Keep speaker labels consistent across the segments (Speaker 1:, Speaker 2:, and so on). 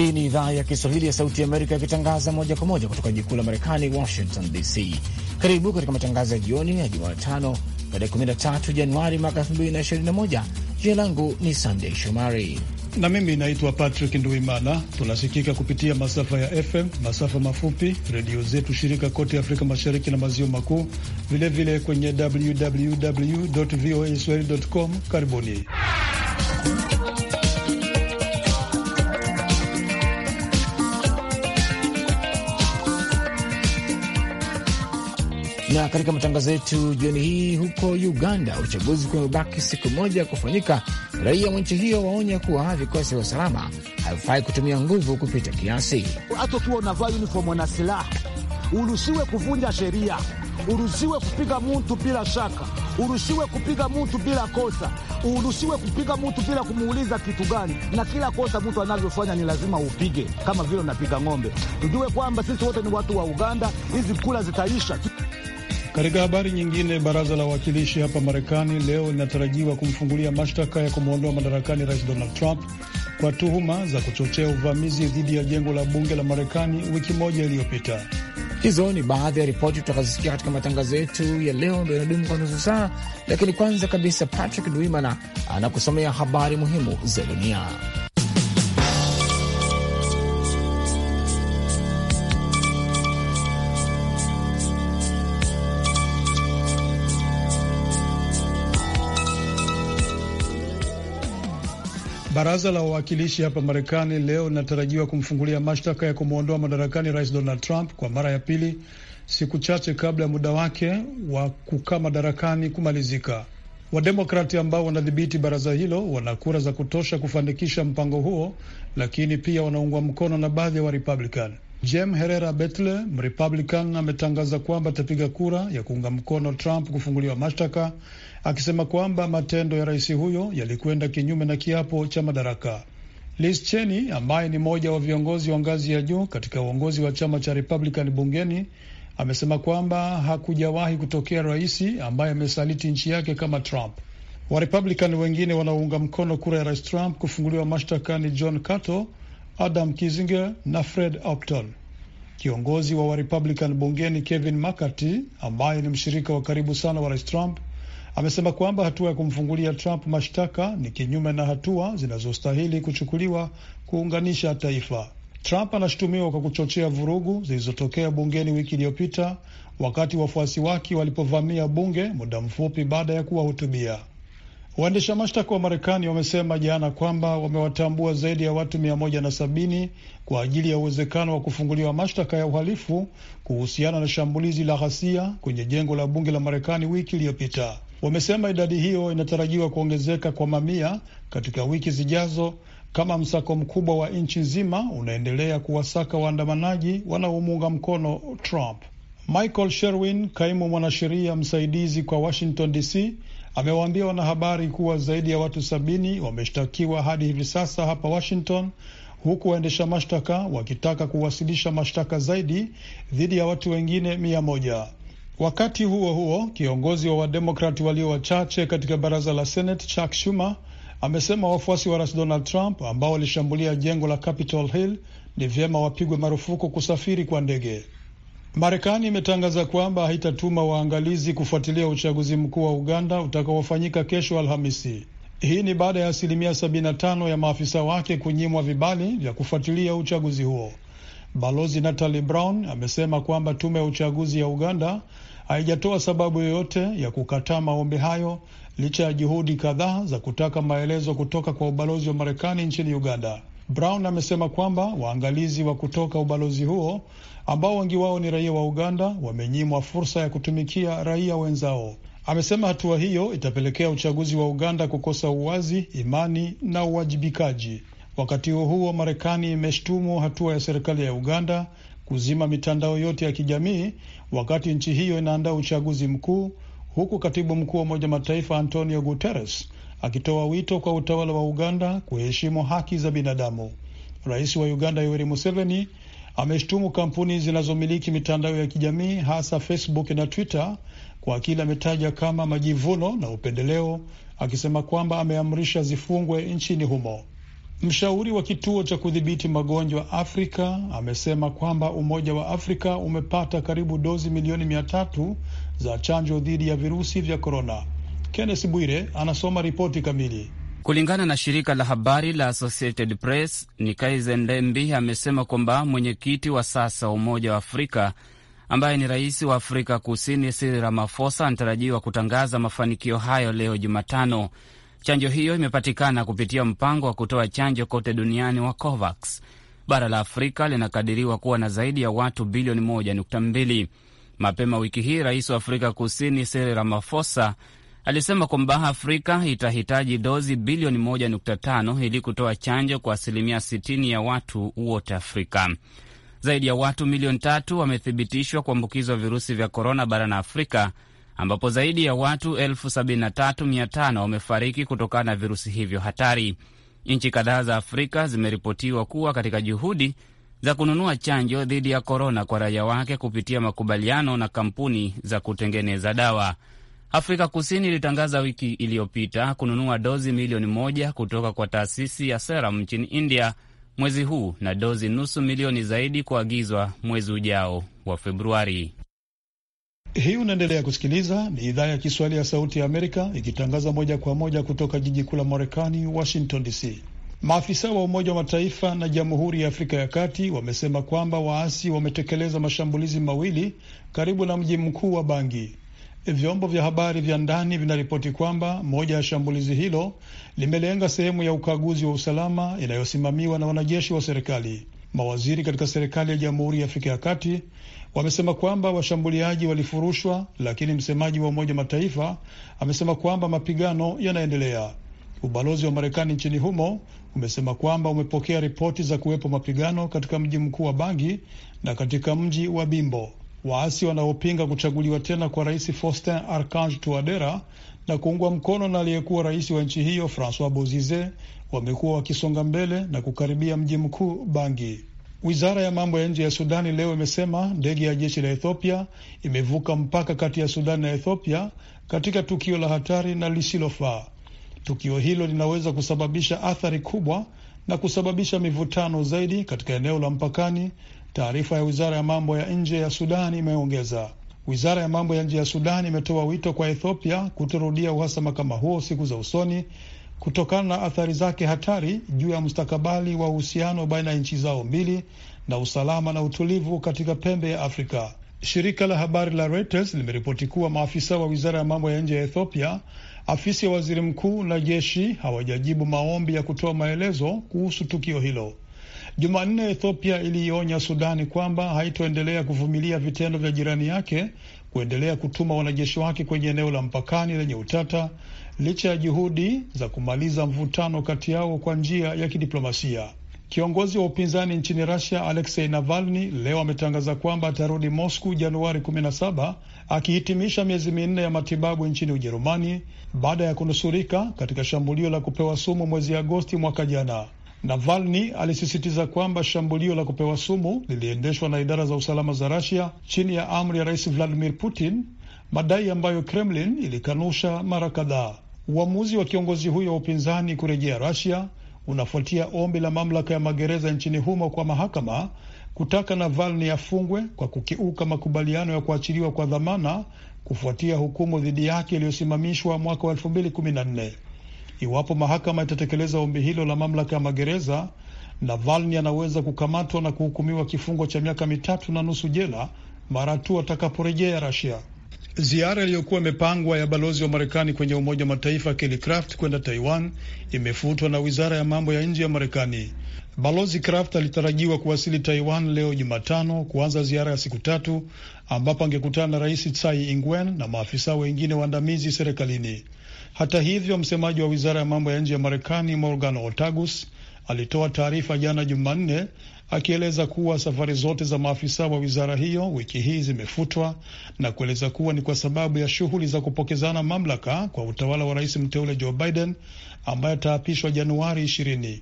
Speaker 1: Hii ni idhaa ya Kiswahili ya Sauti ya Amerika ikitangaza moja kwa moja kutoka jikuu la Marekani, Washington DC. Karibu katika matangazo ya jioni ya Jumatano, tarehe 13 Januari mwaka 2021. Jina langu ni Sandei Shomari
Speaker 2: na mimi naitwa Patrick Nduimana. Tunasikika kupitia masafa ya FM, masafa mafupi, redio zetu shirika kote Afrika Mashariki na Maziwa Makuu, vilevile kwenye www voa swahili com. Karibuni.
Speaker 1: Na katika matangazo yetu jioni hii, huko Uganda uchaguzi kumebaki siku moja kufanyika, raia wa nchi hiyo waonya kuwa vikosi vya usalama havifai kutumia nguvu kupita kiasi. Hata ukiwa unavaa unifomu na silaha, uruhusiwe kuvunja sheria, uruhusiwe kupiga mtu bila shaka, uruhusiwe kupiga mtu bila kosa, uruhusiwe kupiga mtu bila kumuuliza kitu gani, na kila kosa mtu anavyofanya ni lazima upige, kama vile unapiga ng'ombe. Tujue kwamba sisi wote ni watu wa Uganda, hizi kula zitaisha.
Speaker 2: Katika habari nyingine, baraza la wawakilishi hapa Marekani leo linatarajiwa kumfungulia mashtaka ya kumwondoa madarakani rais Donald Trump kwa tuhuma za kuchochea uvamizi dhidi ya jengo la bunge la Marekani wiki moja iliyopita. Hizo ni baadhi ya ripoti tutakazosikia katika matangazo
Speaker 1: yetu ya leo, ndo inadumu kwa nusu saa. Lakini kwanza kabisa, Patrick Duimana anakusomea habari muhimu za dunia.
Speaker 2: Baraza la wawakilishi hapa Marekani leo linatarajiwa kumfungulia mashtaka ya kumwondoa madarakani rais Donald Trump kwa mara ya pili, siku chache kabla ya muda wake wa kukaa madarakani kumalizika. Wademokrati ambao wanadhibiti baraza hilo wana kura za kutosha kufanikisha mpango huo, lakini pia wanaungwa mkono na baadhi ya Warepublican. Jem Herera Betle, Mrepublican, ametangaza kwamba atapiga kura ya kuunga mkono Trump kufunguliwa mashtaka akisema kwamba matendo ya rais huyo yalikwenda kinyume na kiapo cha madaraka. Liz Cheney ambaye ni mmoja wa viongozi wa ngazi ya juu katika uongozi wa chama cha Republican bungeni amesema kwamba hakujawahi kutokea rais ambaye amesaliti nchi yake kama Trump. Warepublican wengine wanaounga mkono kura ya rais Trump kufunguliwa mashtaka ni John Cato, Adam Kizinger na Fred Upton. Kiongozi wa Warepublican bungeni Kevin McCarthy ambaye ni mshirika wa karibu sana wa rais Trump amesema kwamba hatua ya kumfungulia Trump mashtaka ni kinyume na hatua zinazostahili kuchukuliwa kuunganisha taifa. Trump anashutumiwa kwa kuchochea vurugu zilizotokea bungeni wiki iliyopita wakati wafuasi wake walipovamia bunge muda mfupi baada ya kuwahutubia. Waendesha mashtaka wa Marekani wamesema jana kwamba wamewatambua zaidi ya watu 170 kwa ajili ya uwezekano wa kufunguliwa mashtaka ya uhalifu kuhusiana na shambulizi la ghasia kwenye jengo la bunge la Marekani wiki iliyopita. Wamesema idadi hiyo inatarajiwa kuongezeka kwa mamia katika wiki zijazo kama msako mkubwa wa nchi nzima unaendelea kuwasaka waandamanaji wanaomuunga mkono Trump. Michael Sherwin, kaimu mwanasheria msaidizi kwa Washington DC, amewaambia wanahabari kuwa zaidi ya watu sabini wameshtakiwa hadi hivi sasa hapa Washington, huku waendesha mashtaka wakitaka kuwasilisha mashtaka zaidi dhidi ya watu wengine mia moja. Wakati huo huo, kiongozi wa Wademokrati walio wachache katika baraza la Senate Chuck Schumer amesema wafuasi wa rais Donald Trump ambao walishambulia jengo la Capitol Hill ni vyema wapigwe marufuku kusafiri kwa ndege. Marekani imetangaza kwamba haitatuma waangalizi kufuatilia uchaguzi mkuu wa Uganda utakaofanyika kesho Alhamisi. Hii ni baada ya asilimia 75 ya maafisa wake kunyimwa vibali vya kufuatilia uchaguzi huo. Balozi Natalie Brown amesema kwamba tume ya uchaguzi ya Uganda haijatoa sababu yoyote ya kukataa maombi hayo licha ya juhudi kadhaa za kutaka maelezo kutoka kwa ubalozi wa Marekani nchini Uganda. Brown amesema kwamba waangalizi wa kutoka ubalozi huo ambao wengi wao ni raia wa Uganda wamenyimwa fursa ya kutumikia raia wenzao. Amesema hatua hiyo itapelekea uchaguzi wa Uganda kukosa uwazi, imani na uwajibikaji. Wakati huo huo, Marekani imeshtumu hatua ya serikali ya Uganda kuzima mitandao yote ya kijamii wakati nchi hiyo inaandaa uchaguzi mkuu, huku katibu mkuu wa Umoja Mataifa Antonio Guterres akitoa wito kwa utawala wa Uganda kuheshimu haki za binadamu. Rais wa Uganda Yoweri Museveni ameshtumu kampuni zinazomiliki mitandao ya kijamii hasa Facebook na Twitter kwa kile ametaja kama majivuno na upendeleo, akisema kwamba ameamrisha zifungwe nchini humo. Mshauri wa kituo cha kudhibiti magonjwa Afrika amesema kwamba Umoja wa Afrika umepata karibu dozi milioni mia tatu za chanjo dhidi ya virusi vya korona. Kennes Bwire anasoma ripoti kamili.
Speaker 3: Kulingana na shirika la habari la Associated Press, Nikaize Ndembi amesema kwamba mwenyekiti wa sasa wa Umoja wa Afrika ambaye ni rais wa Afrika Kusini Cyril Ramaphosa anatarajiwa kutangaza mafanikio hayo leo Jumatano. Chanjo hiyo imepatikana kupitia mpango wa kutoa chanjo kote duniani wa COVAX. Bara la Afrika linakadiriwa kuwa na zaidi ya watu bilioni 1.2. Mapema wiki hii, rais wa Afrika Kusini Cyril Ramaphosa alisema kwamba Afrika itahitaji dozi bilioni 1.5 ili kutoa chanjo kwa asilimia 60 ya watu wote Afrika. Zaidi ya watu milioni tatu wamethibitishwa kuambukizwa virusi vya korona barani Afrika ambapo zaidi ya watu 73,500 wamefariki kutokana na virusi hivyo hatari. Nchi kadhaa za Afrika zimeripotiwa kuwa katika juhudi za kununua chanjo dhidi ya korona kwa raia wake kupitia makubaliano na kampuni za kutengeneza dawa. Afrika Kusini ilitangaza wiki iliyopita kununua dozi milioni moja kutoka kwa taasisi ya Serum nchini India mwezi huu na dozi nusu milioni zaidi kuagizwa mwezi ujao wa Februari.
Speaker 2: Hii unaendelea kusikiliza ni idhaa ya Kiswahili ya Sauti ya Amerika ikitangaza moja kwa moja kutoka jiji kuu la Marekani, Washington DC. Maafisa wa Umoja wa Mataifa na Jamhuri ya Afrika ya Kati wamesema kwamba waasi wametekeleza mashambulizi mawili karibu na mji mkuu wa Bangi. Vyombo vya habari vya ndani vinaripoti kwamba moja ya shambulizi hilo limelenga sehemu ya ukaguzi wa usalama inayosimamiwa na wanajeshi wa serikali. Mawaziri katika serikali ya Jamhuri ya Afrika ya Kati wamesema kwamba washambuliaji walifurushwa, lakini msemaji wa Umoja Mataifa amesema kwamba mapigano yanaendelea. Ubalozi wa Marekani nchini humo umesema kwamba umepokea ripoti za kuwepo mapigano katika mji mkuu wa Bangi na katika mji wa Bimbo. Waasi wanaopinga kuchaguliwa tena kwa Rais Faustin Archange Touadera na kuungwa mkono na aliyekuwa rais wa nchi hiyo Francois Bozize wamekuwa wakisonga mbele na kukaribia mji mkuu Bangi. Wizara ya mambo ya nje ya Sudani leo imesema ndege ya jeshi la Ethiopia imevuka mpaka kati ya Sudani na Ethiopia katika tukio la hatari na lisilofaa. Tukio hilo linaweza kusababisha athari kubwa na kusababisha mivutano zaidi katika eneo la mpakani, taarifa ya wizara ya mambo ya nje ya Sudani imeongeza. Wizara ya mambo ya nje ya Sudani imetoa wito kwa Ethiopia kutorudia uhasama kama huo siku za usoni kutokana na athari zake hatari juu ya mustakabali wa uhusiano baina ya nchi zao mbili na usalama na utulivu katika pembe ya Afrika. Shirika la habari la Reuters limeripoti kuwa maafisa wa wizara ya mambo ya nje ya Ethiopia, afisi ya waziri mkuu na jeshi hawajajibu maombi ya kutoa maelezo kuhusu tukio hilo. Jumanne, Ethiopia iliionya Sudani kwamba haitoendelea kuvumilia vitendo vya jirani yake kuendelea kutuma wanajeshi wake kwenye eneo la mpakani lenye utata licha ya juhudi za kumaliza mvutano kati yao kwa njia ya kidiplomasia. Kiongozi wa upinzani nchini Russia Alexei Navalny leo ametangaza kwamba atarudi Moscow Januari 17 akihitimisha miezi minne ya matibabu nchini Ujerumani baada ya kunusurika katika shambulio la kupewa sumu mwezi Agosti mwaka jana. Navalny alisisitiza kwamba shambulio la kupewa sumu liliendeshwa na idara za usalama za Russia chini ya amri ya Rais Vladimir Putin, madai ambayo Kremlin ilikanusha mara kadhaa. Uamuzi wa kiongozi huyo wa upinzani kurejea Rasia unafuatia ombi la mamlaka ya magereza nchini humo kwa mahakama kutaka navalni afungwe kwa kukiuka makubaliano ya kuachiliwa kwa dhamana kufuatia hukumu dhidi yake iliyosimamishwa mwaka wa elfu Iwapo mahakama itatekeleza ombi hilo la mamlaka ya magereza, navalni anaweza kukamatwa na kuhukumiwa kifungo cha miaka mitatu na nusu jela mara tu atakaporejea Rasia. Ziara iliyokuwa imepangwa ya balozi wa Marekani kwenye Umoja wa Mataifa Kelly Craft kwenda Taiwan imefutwa na wizara ya mambo ya nje ya Marekani. Balozi Craft alitarajiwa kuwasili Taiwan leo Jumatano kuanza ziara ya siku tatu ambapo angekutana na Rais Tsai Ingwen na maafisa wengine waandamizi serikalini. Hata hivyo, msemaji wa wizara ya mambo ya nje ya Marekani Morgan Otagus alitoa taarifa jana Jumanne akieleza kuwa safari zote za maafisa wa wizara hiyo wiki hii zimefutwa na kueleza kuwa ni kwa sababu ya shughuli za kupokezana mamlaka kwa utawala wa rais mteule Joe Biden ambaye ataapishwa Januari ishirini.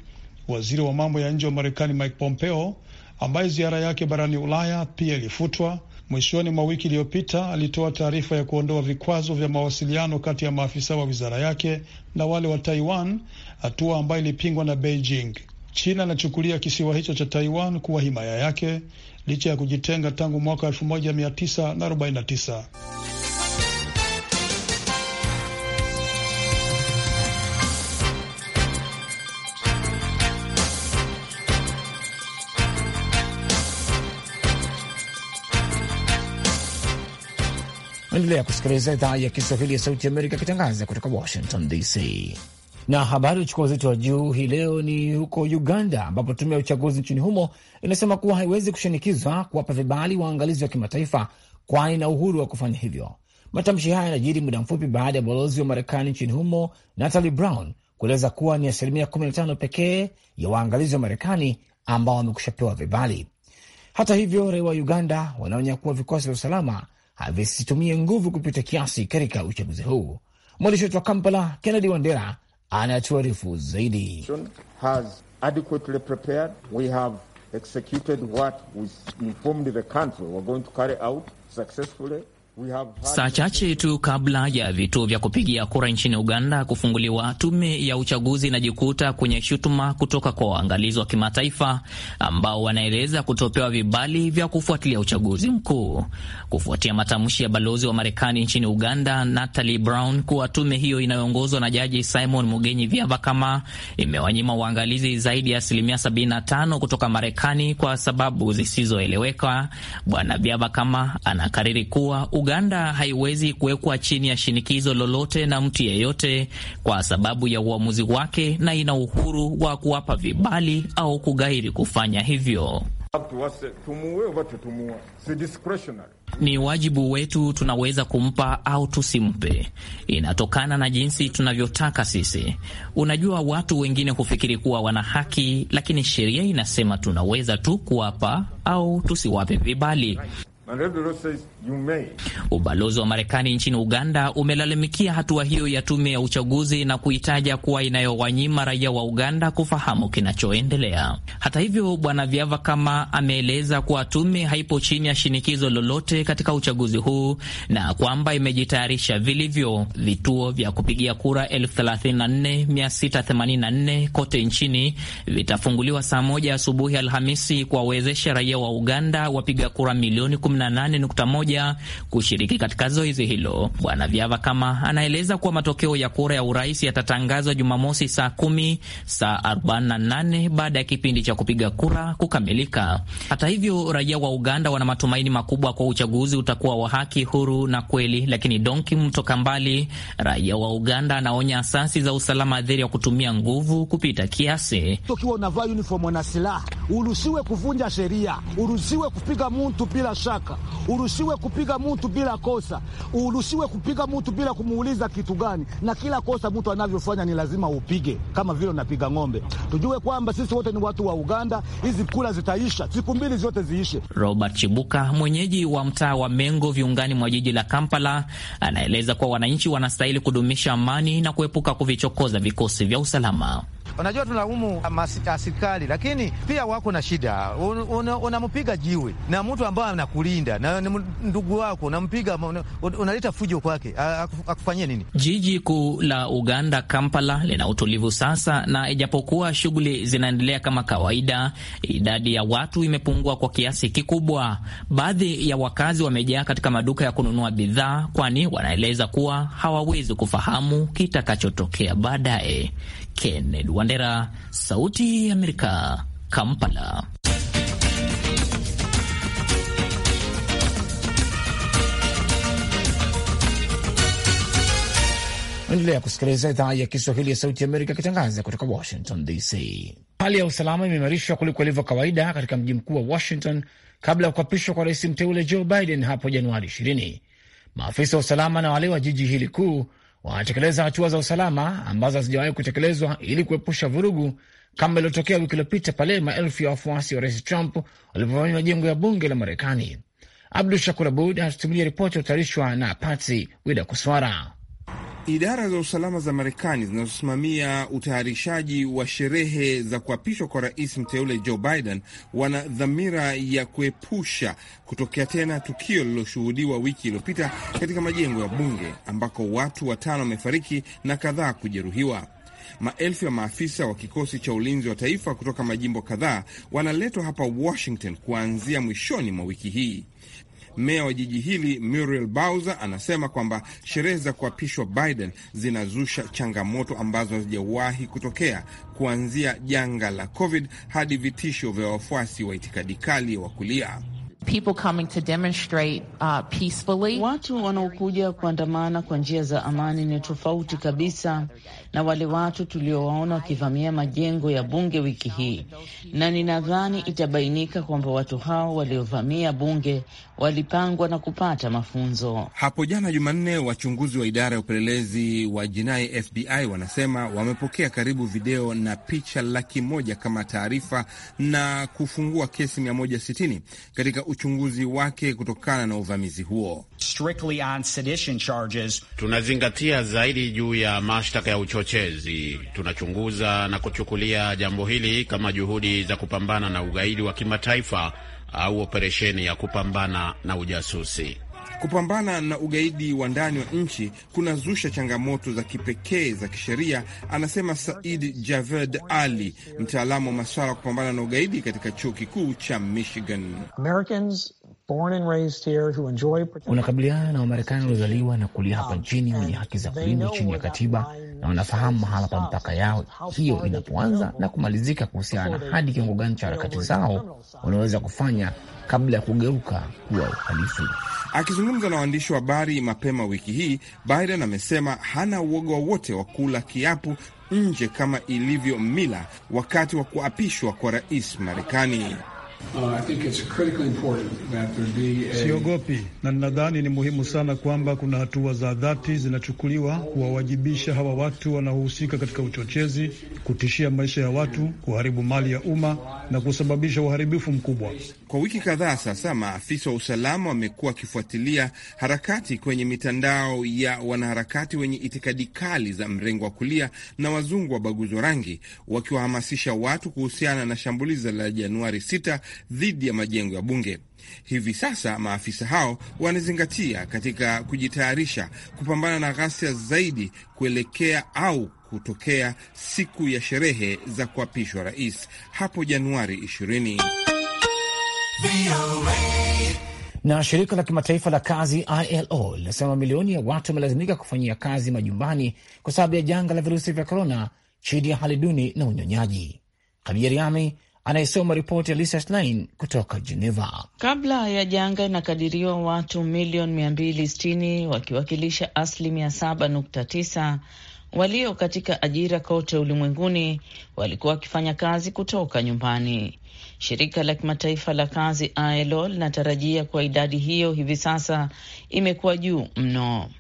Speaker 2: Waziri wa mambo ya nje wa Marekani Mike Pompeo ambaye ziara yake barani Ulaya pia ilifutwa mwishoni mwa wiki iliyopita, alitoa taarifa ya kuondoa vikwazo vya mawasiliano kati ya maafisa wa wizara yake na wale wa Taiwan, hatua ambayo ilipingwa na Beijing. China inachukulia kisiwa hicho cha Taiwan kuwa himaya yake licha ya kujitenga tangu mwaka 1949.
Speaker 1: Endelea kusikiliza idhaa ya Kiswahili ya Sauti ya Amerika ikitangaza kutoka Washington DC. Na habari uchukua uzito wa juu hii leo ni huko Uganda, ambapo tume ya uchaguzi nchini humo inasema kuwa haiwezi kushinikizwa kuwapa vibali waangalizi wa kimataifa, kwani na uhuru wa kufanya hivyo. Matamshi haya yanajiri muda mfupi baada ya balozi wa Marekani nchini humo Natalie Brown kueleza kuwa ni asilimia 15 pekee ya waangalizi wa Marekani ambao wamekusha pewa vibali. Hata hivyo, raia wa Uganda wanaonya kuwa vikosi vya usalama havisitumie nguvu kupita kiasi katika uchaguzi huu. Mwandishi wetu wa Kampala, Kennedy Wandera anatuarifu
Speaker 4: zaidi. Has adequately prepared. We have executed what we informed the country we're going to carry out successfully.
Speaker 5: Saa chache tu kabla ya vituo vya kupigia kura nchini Uganda kufunguliwa, tume ya uchaguzi inajikuta kwenye shutuma kutoka kwa waangalizi wa kimataifa ambao wanaeleza kutopewa vibali vya kufuatilia uchaguzi mkuu, kufuatia matamshi ya balozi wa Marekani nchini Uganda Natalie Brown kuwa tume hiyo inayoongozwa na Jaji Simon Mugenyi Byabakama imewanyima waangalizi zaidi ya asilimia 75 kutoka Marekani kwa sababu zisizoeleweka. Bwana Byabakama anakariri kuwa Uganda haiwezi kuwekwa chini ya shinikizo lolote na mtu yeyote kwa sababu ya uamuzi wake na ina uhuru wa kuwapa vibali au kugairi kufanya hivyo. Ni wajibu wetu, tunaweza kumpa au tusimpe, inatokana na jinsi tunavyotaka sisi. Unajua, watu wengine hufikiri kuwa wana haki, lakini sheria inasema tunaweza tu kuwapa au tusiwape vibali. Ubalozi wa Marekani nchini Uganda umelalamikia hatua hiyo ya tume ya uchaguzi na kuitaja kuwa inayowanyima raia wa Uganda kufahamu kinachoendelea. Hata hivyo, Bwana Vyava kama ameeleza kuwa tume haipo chini ya shinikizo lolote katika uchaguzi huu na kwamba imejitayarisha vilivyo. Vituo vya kupigia kura 34684 kote nchini vitafunguliwa saa moja asubuhi Alhamisi kuwawezesha raia wa Uganda wapiga kura milioni 88.1 kushiriki katika zoezi hilo. Bwana Vyava kama anaeleza kuwa matokeo ya kura ya urais yatatangazwa Jumamosi saa kumi saa 48 baada ya kipindi cha kupiga kura kukamilika. Hata hivyo, raia wa Uganda wana matumaini makubwa kwa uchaguzi utakuwa wa haki, huru na kweli, lakini Donki mtoka mbali, raia wa Uganda anaonya asasi za usalama dhiri ya kutumia nguvu kupita kiasi.
Speaker 1: Ukiwa unavaa uniform na silaha urusiwe kuvunja sheria, urusiwe kupiga mtu bila shaka, urusiwe kupiga mtu bila kosa, urusiwe kupiga mtu bila kumuuliza kitu gani. Na kila kosa mtu anavyofanya ni lazima upige, kama vile unapiga ng'ombe. Tujue kwamba sisi wote ni watu wa Uganda, hizi kula zitaisha, siku mbili zote
Speaker 5: ziishe. Robert Chibuka, mwenyeji wa mtaa wa Mengo viungani mwa jiji la Kampala, anaeleza kuwa wananchi wanastahili kudumisha amani na kuepuka kuvichokoza vikosi vya usalama.
Speaker 6: Unajua tunalaumu askari, lakini pia wako na shida. Unampiga una jiwe na mtu ambaye anakulinda na ndugu wako, unampiga unaleta fujo kwake, akufanyie nini?
Speaker 5: Jiji kuu la Uganda, Kampala, lina utulivu sasa, na ijapokuwa shughuli zinaendelea kama kawaida, idadi ya watu imepungua kwa kiasi kikubwa. Baadhi ya wakazi wamejaa katika maduka ya kununua bidhaa, kwani wanaeleza kuwa hawawezi kufahamu kitakachotokea baadaye. Kennedy Wandera, Sauti ya Amerika, Kampala.
Speaker 1: Endelea kusikiliza idhaa ya Kiswahili ya Sauti ya Amerika ikitangaza kutoka Washington DC. Hali ya usalama imeimarishwa kuliko ilivyo kawaida katika mji mkuu wa Washington kabla ya kuapishwa kwa rais mteule Joe Biden hapo Januari 20. Maafisa wa usalama na wale wa jiji hili kuu wanatekeleza hatua za usalama ambazo hazijawahi kutekelezwa ili kuepusha vurugu kama iliyotokea wiki iliyopita pale maelfu ya wafuasi wa rais Trump walipovamia majengo ya bunge la Marekani. Abdu Shakur Abud anatutumilia ripoti ya utayarishwa na Patsi Wida
Speaker 4: Kuswara. Idara za usalama za Marekani zinazosimamia utayarishaji wa sherehe za kuapishwa kwa rais mteule Joe Biden wana dhamira ya kuepusha kutokea tena tukio lililoshuhudiwa wiki iliyopita katika majengo ya bunge ambako watu watano wamefariki na kadhaa kujeruhiwa. Maelfu ya maafisa wa kikosi cha ulinzi wa taifa kutoka majimbo kadhaa wanaletwa hapa Washington kuanzia mwishoni mwa wiki hii. Meya wa jiji hili Muriel Bowser anasema kwamba sherehe za kuapishwa Biden zinazusha changamoto ambazo hazijawahi kutokea, kuanzia janga la COVID hadi vitisho vya wafuasi wa itikadi kali wa kulia.
Speaker 7: People coming to demonstrate, uh, peacefully. Watu wanaokuja kuandamana kwa njia za amani ni tofauti kabisa na wale watu tuliowaona wakivamia majengo ya bunge wiki hii, na ninadhani itabainika kwamba watu hao waliovamia bunge walipangwa na kupata mafunzo.
Speaker 4: Hapo jana Jumanne, wachunguzi wa idara ya upelelezi wa jinai FBI wanasema wamepokea karibu video na picha laki moja kama taarifa na kufungua kesi 160 katika uchunguzi wake kutokana na uvamizi huo.
Speaker 3: tunazingatia zaidi juu ya mashtaka ya ucho uchochezi. Tunachunguza na kuchukulia jambo hili kama juhudi za kupambana na ugaidi wa kimataifa au operesheni ya kupambana na ujasusi.
Speaker 4: Kupambana na ugaidi wa ndani wa nchi kunazusha changamoto za kipekee za kisheria, anasema Said Javed Ali, mtaalamu wa masuala ya kupambana na ugaidi katika chuo kikuu cha Michigan.
Speaker 1: Americans unakabiliana na Wamarekani waliozaliwa na kulia hapa ah, nchini wenye haki za kulindwa chini ya katiba na wanafahamu mahala pa mpaka yao hiyo inapoanza na kumalizika, kuhusiana na hadi kiwango gani cha harakati zao wanaweza kufanya
Speaker 6: kabla ya kugeuka kuwa uhalifu.
Speaker 4: Akizungumza na waandishi wa habari mapema wiki hii, Biden amesema hana uoga wowote wa kula kiapu nje kama ilivyo mila wakati wa kuapishwa kwa rais Marekani. Uh,
Speaker 3: siogopi
Speaker 2: na ninadhani ni muhimu sana kwamba kuna hatua za dhati zinachukuliwa kuwawajibisha hawa watu wanaohusika katika uchochezi, kutishia maisha ya watu, kuharibu mali ya umma na kusababisha uharibifu mkubwa. Kwa wiki
Speaker 4: kadhaa sasa, maafisa wa usalama wamekuwa wakifuatilia harakati kwenye mitandao ya wanaharakati wenye itikadi kali za mrengo wa kulia na wazungu baguzi wa rangi, wakiwahamasisha watu kuhusiana na shambulizi la Januari 6 dhidi ya majengo ya bunge. Hivi sasa maafisa hao wanazingatia katika kujitayarisha kupambana na ghasia zaidi kuelekea au kutokea siku ya sherehe za kuapishwa rais hapo Januari 20.
Speaker 1: Na shirika la kimataifa la kazi ILO linasema milioni ya watu wamelazimika kufanyia kazi majumbani kwa sababu ya janga la virusi vya korona chini ya hali duni na unyonyaji. Kabiriami anayesoma ripoti ya Lisa Schlein kutoka Geneva.
Speaker 7: Kabla ya janga, inakadiriwa watu milioni 260 wakiwakilisha asilimia 7.9 walio katika ajira kote ulimwenguni walikuwa wakifanya kazi kutoka nyumbani. Shirika la kimataifa la kazi ILO linatarajia kuwa idadi hiyo hivi sasa imekuwa juu mno.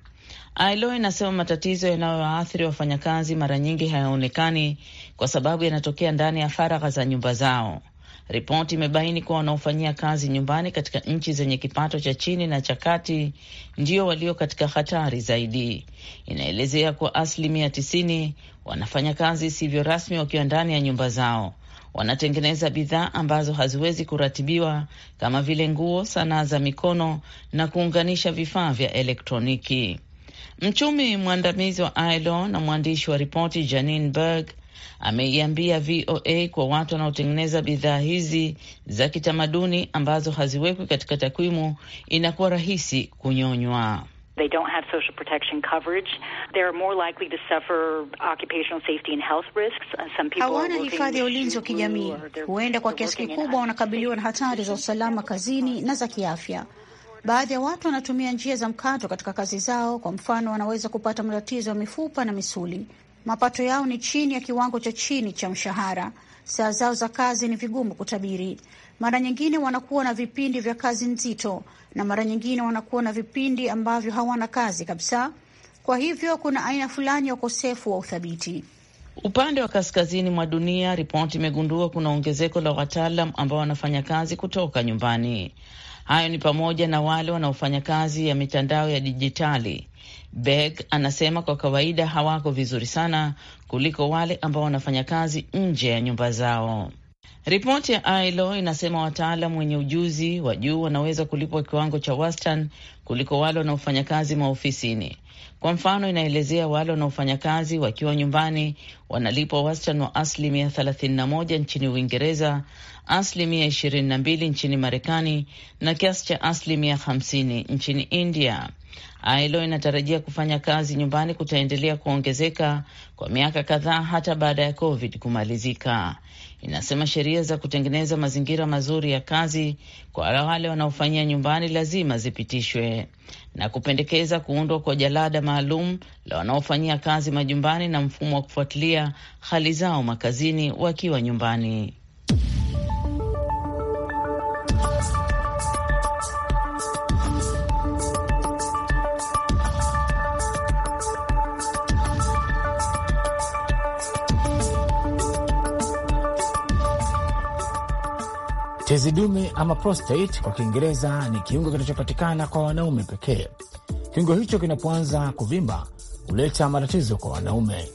Speaker 7: ILO inasema matatizo yanayoathiri wafanyakazi mara nyingi hayaonekani kwa sababu yanatokea ndani ya faragha za nyumba zao. Ripoti imebaini kuwa wanaofanyia kazi nyumbani katika nchi zenye kipato cha chini na cha kati ndio walio katika hatari zaidi. Inaelezea kuwa asilimia tisini wanafanya kazi isivyo rasmi wakiwa ndani ya nyumba zao, wanatengeneza bidhaa ambazo haziwezi kuratibiwa kama vile nguo, sanaa za mikono na kuunganisha vifaa vya elektroniki. Mchumi mwandamizi wa ILO na mwandishi wa ripoti Janine Berg ameiambia VOA kwa watu wanaotengeneza bidhaa hizi za kitamaduni ambazo haziwekwi katika takwimu, inakuwa rahisi kunyonywa.
Speaker 5: They don't have social protection coverage. They're more likely to suffer occupational safety and health risks. Uh, some people
Speaker 7: hawana hifadhi ya ulinzi wa kijamii, huenda kwa kiasi kikubwa wanakabiliwa na hatari za usalama kazini na za kiafya. Baadhi ya watu wanatumia njia za mkato katika kazi zao. Kwa mfano, wanaweza kupata matatizo ya mifupa na misuli. Mapato yao ni chini ya kiwango cha chini cha mshahara. Saa zao za kazi ni vigumu kutabiri. Mara nyingine wanakuwa na vipindi vya kazi nzito, na mara nyingine wanakuwa na vipindi ambavyo hawana kazi kabisa. Kwa hivyo kuna aina fulani ya ukosefu wa uthabiti. Upande wa kaskazini mwa dunia, ripoti imegundua kuna ongezeko la wataalam ambao wanafanya kazi kutoka nyumbani. Hayo ni pamoja na wale wanaofanya kazi ya mitandao ya dijitali. Beg anasema kwa kawaida hawako vizuri sana kuliko wale ambao wanafanya kazi nje ya nyumba zao. Ripoti ya ILO inasema wataalam wenye ujuzi wa juu wanaweza kulipwa kiwango cha wastani kuliko wale wanaofanya kazi maofisini. Kwa mfano, inaelezea wale wanaofanya kazi wakiwa nyumbani wanalipwa wastani wa asilimia 31 nchini Uingereza, asilimia 22 nchini Marekani na kiasi cha asilimia 50 nchini India. ILO inatarajia kufanya kazi nyumbani kutaendelea kuongezeka kwa miaka kadhaa hata baada ya COVID kumalizika inasema sheria za kutengeneza mazingira mazuri ya kazi kwa wale wanaofanyia nyumbani lazima zipitishwe na kupendekeza kuundwa kwa jalada maalum la wanaofanyia kazi majumbani na mfumo wa kufuatilia hali zao makazini wakiwa nyumbani.
Speaker 1: Tezi dume ama prostate kwa Kiingereza ni kiungo kinachopatikana kwa wanaume pekee. Kiungo hicho kinapoanza kuvimba huleta matatizo kwa wanaume.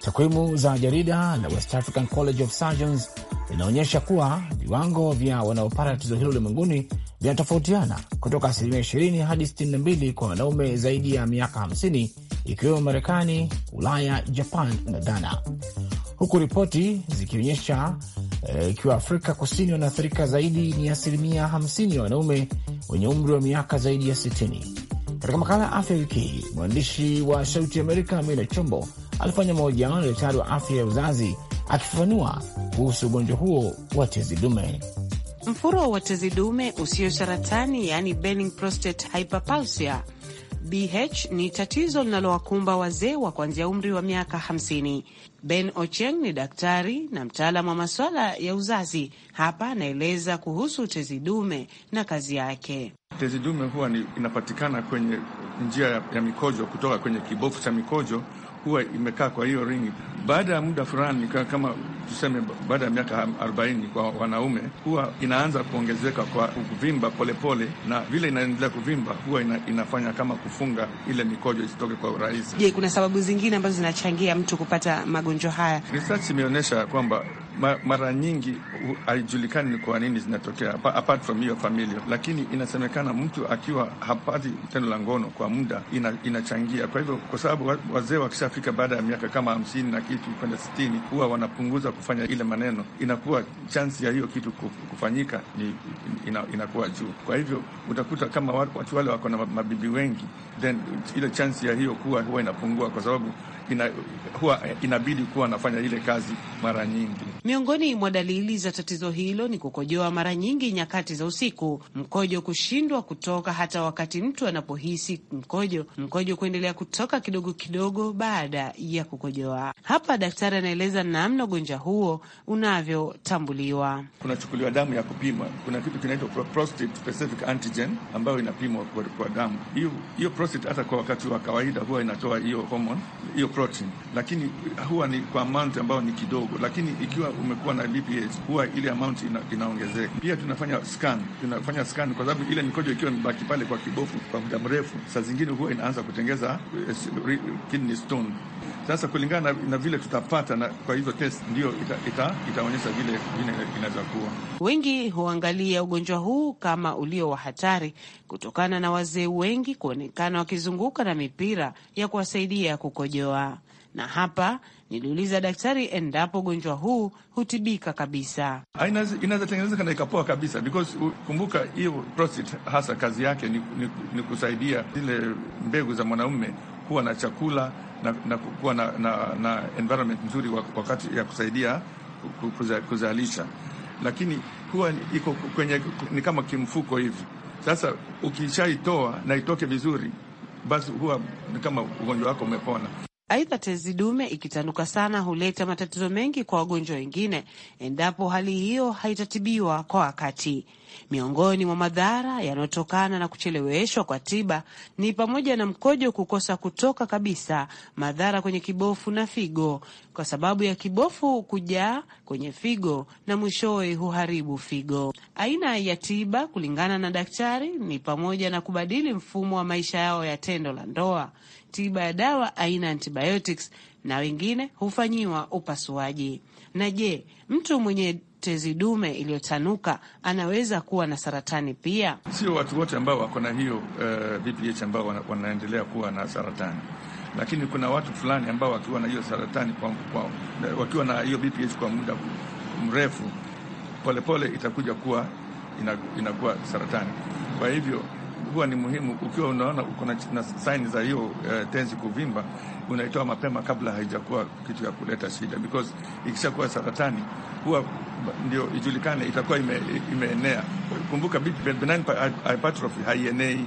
Speaker 1: Takwimu za jarida la West African College of Surgeons inaonyesha kuwa viwango vya wanaopata tatizo hilo ulimwenguni vinatofautiana kutoka asilimia 20 hadi 62 kwa wanaume zaidi ya miaka 50 ikiwemo Marekani, Ulaya, Japan na Ghana, huku ripoti zikionyesha Eh, ikiwa e, Afrika Kusini wanaathirika zaidi ni asilimia 50 ya wanaume wenye umri wa miaka zaidi ya 60. Katika makala ya afya wiki hii, mwandishi wa Sauti ya Amerika Amina Chombo alifanya mahojiano na daktari wa afya ya uzazi akifafanua kuhusu ugonjwa huo wa tezi dume.
Speaker 8: Mfuro wa tezi dume usio saratani, yaani benign prostate hyperplasia BH ni tatizo linalowakumba wazee wa kuanzia umri wa miaka 50. Ben Ocheng ni daktari na mtaalamu wa masuala ya uzazi. Hapa anaeleza kuhusu tezi dume na kazi yake.
Speaker 9: Tezi dume huwa ni inapatikana kwenye njia ya mikojo, kutoka kwenye kibofu cha mikojo, huwa imekaa kwa hiyo ringi. Baada ya muda fulani kama tuseme baada ya miaka arobaini kwa wanaume huwa inaanza kuongezeka kwa kuvimba polepole pole, na vile inaendelea kuvimba huwa ina, inafanya kama kufunga ile mikojo isitoke kwa urahisi. Je, kuna
Speaker 8: sababu zingine ambazo zinachangia mtu kupata magonjwa haya?
Speaker 9: Research imeonyesha kwamba mara nyingi haijulikani ni kwa nini zinatokea apart from hiyo familia, lakini inasemekana mtu akiwa hapati tendo la ngono kwa muda ina, inachangia. Kwa hivyo, kwa sababu wazee wakishafika baada ya miaka kama hamsini na kitu kwenda sitini huwa wanapunguza kufanya ile maneno, inakuwa chansi ya hiyo kitu kufanyika ni ina, inakuwa juu. Kwa hivyo utakuta kama watu wale wako na mabibi wengi, then ile chansi ya hiyo kuwa huwa inapungua, kwa sababu ina, huwa inabidi kuwa anafanya ile kazi mara nyingi.
Speaker 8: Miongoni mwa dalili za tatizo hilo ni kukojoa mara nyingi nyakati za usiku, mkojo kushindwa kutoka hata wakati mtu anapohisi mkojo, mkojo kuendelea kutoka kidogo kidogo baada ya kukojoa. Hapa daktari anaeleza namna ugonjwa huo unavyotambuliwa.
Speaker 9: Kunachukuliwa damu ya kupima, kuna kitu kinaitwa prostate specific antigen ambayo inapimwa kwa, kwa damu hiyo. Prostate hata kwa wakati wa kawaida huwa inatoa hiyo homoni hiyo protein, lakini huwa ni kwa amount ambayo ni kidogo, lakini ikiwa umekuwa na BPS huwa ile amount ina, inaongezeka. Pia tunafanya scan, tunafanya scan kwa sababu ile mikojo ikiwa imebaki pale kwa kibofu kwa muda mrefu, saa zingine huwa inaanza kutengeza eh, kidney stone sasa kulingana na vile tutapata na kwa hizo test ndio ita, itaonyesha vile vile inaweza kuwa.
Speaker 8: Wengi huangalia ugonjwa huu kama ulio wa hatari kutokana na wazee wengi kuonekana wakizunguka na mipira ya kuwasaidia kukojoa, na hapa niliuliza daktari endapo ugonjwa huu hutibika kabisa.
Speaker 9: Ah, inaweza tengenezeka na ikapoa kabisa, because kumbuka, hiyo prostate hasa kazi yake ni, ni, ni kusaidia zile mbegu za mwanaume kuwa na chakula na, na kuwa na, na, na environment nzuri wakati ya kusaidia kuzalisha, lakini huwa iko kwenye ni kama kimfuko hivi. Sasa ukishaitoa na itoke vizuri, basi huwa ni kama ugonjwa wako umepona.
Speaker 8: Aidha, tezi dume ikitanuka sana huleta matatizo mengi kwa wagonjwa wengine endapo hali hiyo haitatibiwa kwa wakati. Miongoni mwa madhara yanayotokana na kucheleweshwa kwa tiba ni pamoja na mkojo kukosa kutoka kabisa, madhara kwenye kibofu na figo kwa sababu ya kibofu kujaa kwenye figo na mwishowe huharibu figo. Aina ya tiba kulingana na daktari ni pamoja na kubadili mfumo wa maisha yao ya tendo la ndoa, tiba ya dawa aina ya antibiotics na wengine hufanyiwa upasuaji. Na je, mtu mwenye tezi dume iliyotanuka anaweza kuwa na saratani pia?
Speaker 9: Sio watu wote ambao wako na hiyo uh, ambao wanaendelea kuwa na saratani, lakini kuna watu fulani ambao wakiwa na hiyo saratani kwa, kwa, wakiwa na hiyo BPH kwa muda mrefu, polepole itakuja kuwa inakuwa saratani. Kwa hivyo huwa ni muhimu. Ukiwa unaona uko na saini za hiyo uh, tenzi kuvimba, unaitoa mapema kabla haijakuwa kitu ya kuleta shida, because ikishakuwa saratani huwa ndio ijulikane itakuwa ime, imeenea. Kumbuka benign hypertrophy haienei.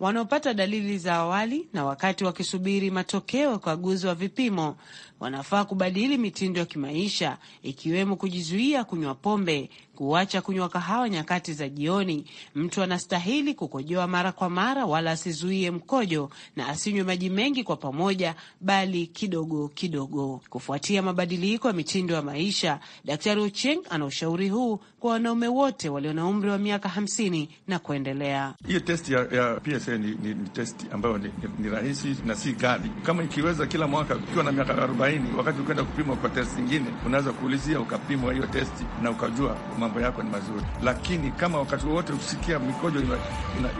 Speaker 8: Wanaopata dalili za awali na wakati wakisubiri matokeo ya ukaguzi wa vipimo wanafaa kubadili mitindo ya kimaisha, ikiwemo kujizuia kunywa pombe, Kuacha kunywa kahawa nyakati za jioni. Mtu anastahili kukojoa mara kwa mara, wala asizuie mkojo na asinywe maji mengi kwa pamoja, bali kidogo kidogo. Kufuatia mabadiliko ya mitindo ya maisha, Daktari ucheng ana ushauri huu kwa wanaume wote walio na umri wa miaka hamsini na kuendelea.
Speaker 9: Hiyo testi ya, ya PSA ni, ni, ni testi ambayo ni, ni, ni rahisi na si ghali. Kama ikiweza kila mwaka ukiwa na miaka arobaini, wakati ukienda kupimwa kwa testi nyingine, unaweza kuulizia ukapimwa hiyo testi na ukajua mambo yako ni mazuri, lakini kama wakati wowote usikia mikojo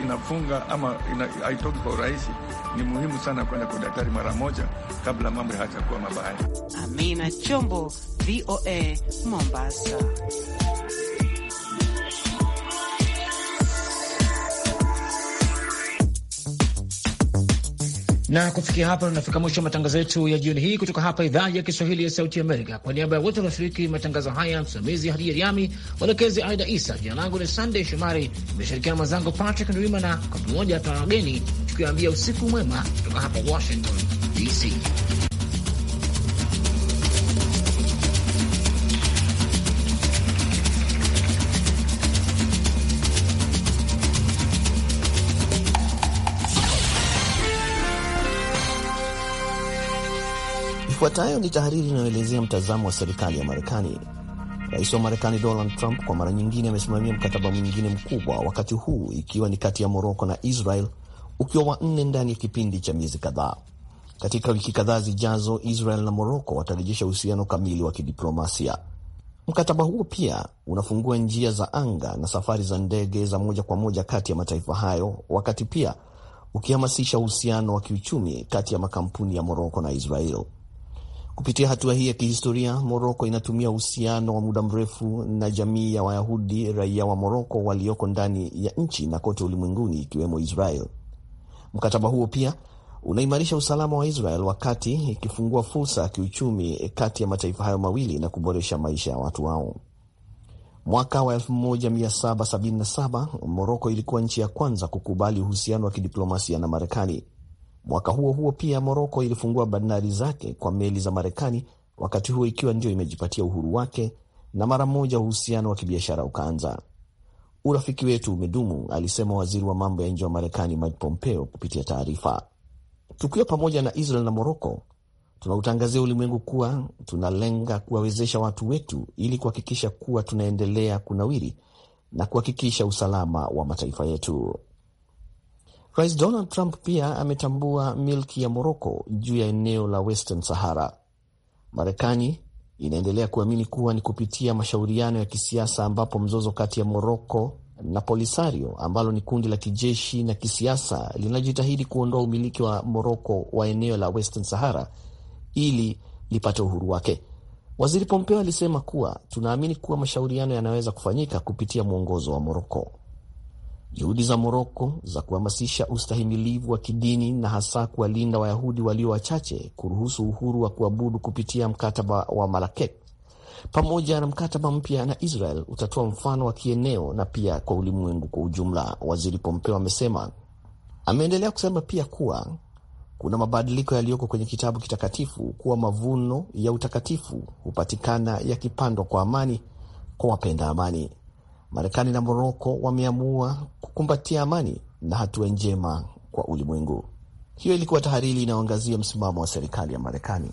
Speaker 9: inafunga ina, ina ama ina, haitoki kwa urahisi, ni muhimu sana kwenda kwa daktari mara moja kabla mambo hayajakuwa mabaya. Amina
Speaker 8: Chombo, VOA, Mombasa.
Speaker 2: Na
Speaker 1: kufikia hapa tunafika mwisho wa matangazo yetu ya jioni hii kutoka hapa idhaa ya Kiswahili ya Sauti Amerika. Kwa niaba ya wote walioshiriki matangazo haya, msimamizi Hadija Riami, mwelekezi Aida Isa, jina langu ni Sandey Shomari, imeshirikiana mwenzangu Patrick Ndwimana. Kwa pamoja tuna wageni tukiwaambia usiku mwema kutoka hapa Washington DC.
Speaker 6: Ifuatayo ni tahariri inayoelezea mtazamo wa serikali ya Marekani. Rais wa Marekani Donald Trump kwa mara nyingine amesimamia mkataba mwingine mkubwa, wakati huu ikiwa ni kati ya Moroko na Israel, ukiwa wa nne ndani ya kipindi cha miezi kadhaa. Katika wiki kadhaa zijazo, Israel na Moroko watarejesha uhusiano kamili wa kidiplomasia. Mkataba huo pia unafungua njia za anga na safari za ndege za moja kwa moja kati ya mataifa hayo, wakati pia ukihamasisha uhusiano wa kiuchumi kati ya makampuni ya Moroko na Israel. Kupitia hatua hii ya kihistoria, Moroko inatumia uhusiano wa muda mrefu na jamii ya Wayahudi raia wa Moroko walioko ndani ya nchi na kote ulimwenguni ikiwemo Israel. Mkataba huo pia unaimarisha usalama wa Israel wakati ikifungua fursa ya kiuchumi kati ya mataifa hayo mawili na kuboresha maisha ya watu wao. Mwaka wa 1777 Moroko ilikuwa nchi ya kwanza kukubali uhusiano wa kidiplomasia na Marekani. Mwaka huo huo pia Moroko ilifungua bandari zake kwa meli za Marekani, wakati huo ikiwa ndio imejipatia uhuru wake, na mara moja uhusiano wa kibiashara ukaanza. Urafiki wetu umedumu, alisema waziri wa mambo ya nje wa Marekani Mike Pompeo kupitia taarifa. Tukiwa pamoja na Israel na Moroko, tunautangazia ulimwengu kuwa tunalenga kuwawezesha watu wetu ili kuhakikisha kuwa tunaendelea kunawiri na kuhakikisha usalama wa mataifa yetu. Rais Donald Trump pia ametambua milki ya Moroko juu ya eneo la Western Sahara. Marekani inaendelea kuamini kuwa ni kupitia mashauriano ya kisiasa ambapo mzozo kati ya Moroko na Polisario ambalo ni kundi la kijeshi na kisiasa linajitahidi kuondoa umiliki wa Moroko wa eneo la Western Sahara ili lipate uhuru wake. Waziri Pompeo alisema kuwa tunaamini kuwa mashauriano yanaweza kufanyika kupitia mwongozo wa Moroko. Juhudi za Moroko za kuhamasisha ustahimilivu wa kidini na hasa kuwalinda Wayahudi walio wachache, kuruhusu uhuru wa kuabudu kupitia mkataba wa Marakech pamoja na mkataba mpya na Israel utatoa mfano wa kieneo na pia kwa ulimwengu kwa ujumla, Waziri Pompeo amesema. Ameendelea kusema pia kuwa kuna mabadiliko yaliyoko kwenye kitabu kitakatifu kuwa mavuno ya utakatifu hupatikana yakipandwa kwa amani kwa wapenda amani. Marekani na Moroko wameamua kukumbatia amani na hatua njema kwa ulimwengu. Hiyo ilikuwa tahariri inayoangazia msimamo wa serikali ya Marekani.